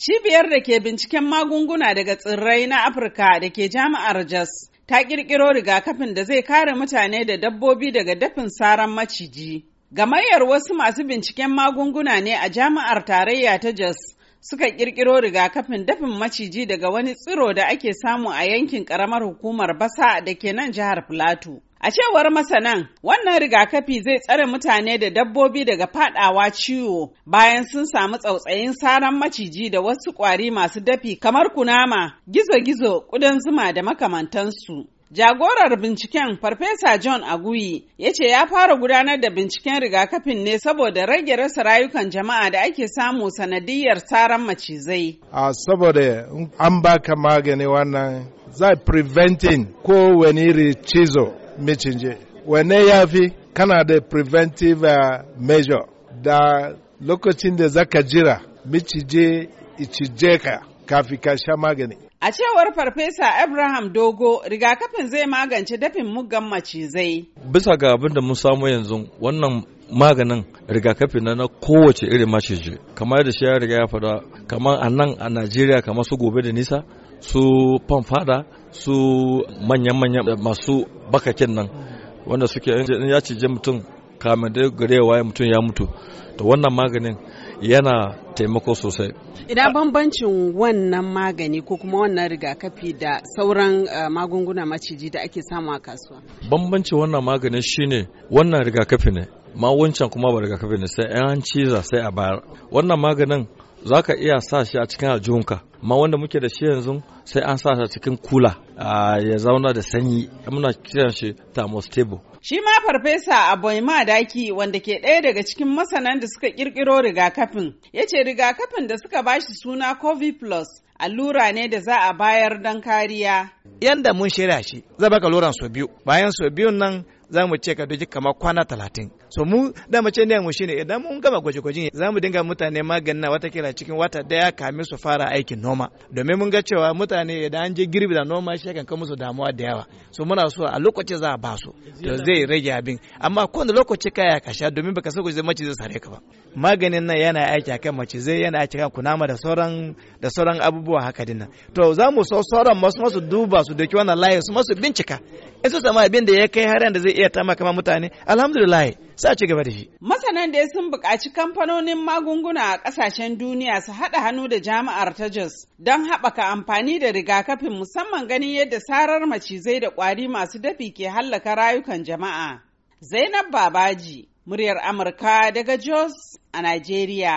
Cibiyar da ke binciken magunguna daga tsirrai na Afirka da ke jami'ar Jos ta ƙirƙiro rigakafin da zai kare mutane da dabbobi daga dafin saran maciji. Gamayyar wasu masu binciken magunguna ne a jami'ar tarayya ta Jos suka ƙirƙiro rigakafin dafin maciji daga wani tsiro da ake samu a yankin ƙaramar hukumar Basa da ke nan jihar Filato. A cewar masanan, wannan rigakafi zai tsare mutane da dabbobi daga fadawa ciwo bayan sun samu tsautsayin saran maciji da wasu ƙwari masu dafi kamar kunama, gizo-gizo, ƙudan zuma da makamantansu. Jagorar binciken Farfesa John Aguyi ya ce ya fara gudanar da binciken rigakafin ne saboda rage rasa rayukan jama'a da ake samu sanadiyar saran macizai. A saboda an baka magani wannan zai preventing ko wani cizo mecinje wane ya fi kana da preventive uh, measure da lokacin da zaka jira micije icije ka kafi ka sha magani a cewar farfesa abraham dogo rigakafin zai magance dafin mugan macizai bisa ga abin da mun samu yanzu wannan maganin rigakafi na na kowace irin maciji kamar da shi ya riga ya fada kamar a nan a najeriya kamar su gobe da nisa su fanfada su manyan-manyan masu bakakin nan wanda suke ya cije mutum kamin da gare waye mutum ya mutu to wannan maganin yana taimako sosai idan bambancin wannan magani ko kuma wannan rigakafi da sauran eh, magunguna maciji da ake samu a kasuwa bambancin wannan maganin shine wannan rigakafi ne ma wancan kuma ba rigakafi ne sai an ciza sai a bayar wannan maganin za ka iya sa shi a cikin aljihunka amma wanda muke da shi yanzu sai an sa shi a cikin kula ya zauna da sanyi muna kiran shi thermostable shi ma farfesa boima daki wanda ke ɗaya daga cikin masanan da suka ƙirƙiro rigakafin ya ce rigakafin da suka bashi suna covid plus allura ne da za a bayar don kariya yanda mun shirya shi zai baka loran sau biyu bayan sau biyun nan za mu ce ka duji kamar kwana talatin so mu da mace ne mu shine idan mun gama gwaje-gwaje za mu dinga mutane maganin wata kira cikin wata daya kamin su fara aikin noma domin mun ga cewa mutane idan an je girbi da noma shi kan musu damuwa da yawa so muna so a lokaci za a ba su to zai rage abin amma ko da lokaci kaya ka sha domin baka so gwaje mace zai sare ka ba maganin nan yana aiki akan mace zai yana aiki kan kunama da sauran da sauran abubuwa haka dinnan to za mu so sauran masu masu duba su da wannan layin su masu bincika in su sama abin da ya kai har da zai iya taimaka ma mutane alhamdulillah sai a ci gaba da shi masanan dai sun buƙaci kamfanonin magunguna a ƙasashen duniya su haɗa hannu da jami'ar ta Jos don haɓaka amfani da rigakafin musamman ganin yadda sarar macizai da ƙwari masu dafi ke hallaka rayukan jama'a Zainab Babaji muryar Amurka daga Jos a Najeriya